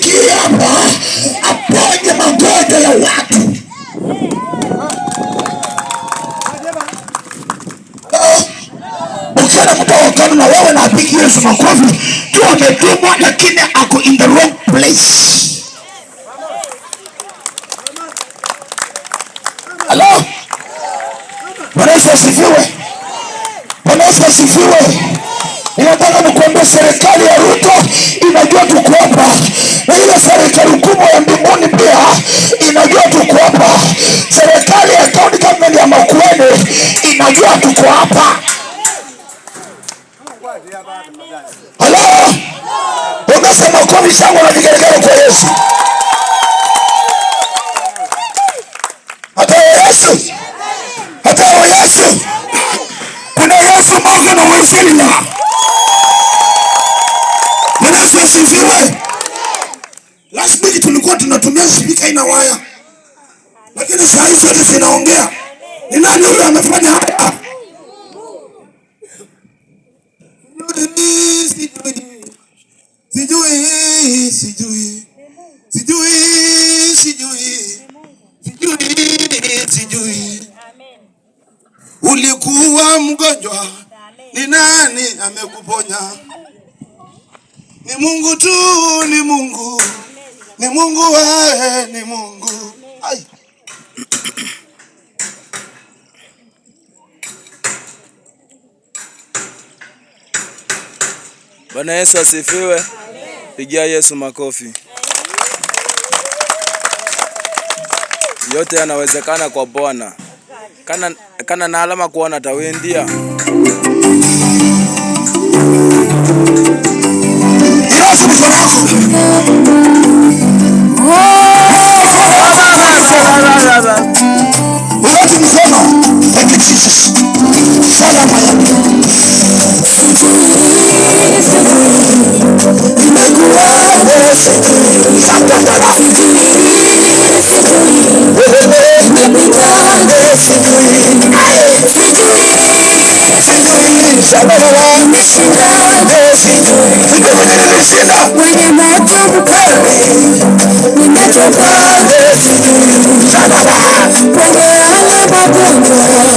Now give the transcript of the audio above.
aingie hapa aponye magonjwa ya watu. na wewe na Yesu makofi, jua ametumwa lakini ako in the wrong place. Halo, Bwana Yesu asifiwe. Bwana Yesu asifiwe. Ninataka nikuambia serikali ya Ruto inajua najua tuko hapa. Halo, unasema uko na vigelegele kwa Yesu. Hata Yesu, hata Yesu, kuna Yesu ambaye mumefanya Yesu asifiwe. Last week tulikuwa tunatumia shirika ina waya, lakini saa hizi zote zinaongea ni nani huyo amefanya haya? Sijui, sijui, sijui, sijui, sijui, sijui. Ulikuwa mgonjwa, ni nani amekuponya? Ni Mungu tu, ni Mungu, ni Mungu, wae, ni Mungu. Bwana Yesu asifiwe. Pigia Yesu makofi. Yote yanawezekana kwa Bwana. Kana kana na alama kuona tawindia 你没事的，你没事的，我根本就不怕你，你那种东西，傻了吧？我连阿猫都不怕。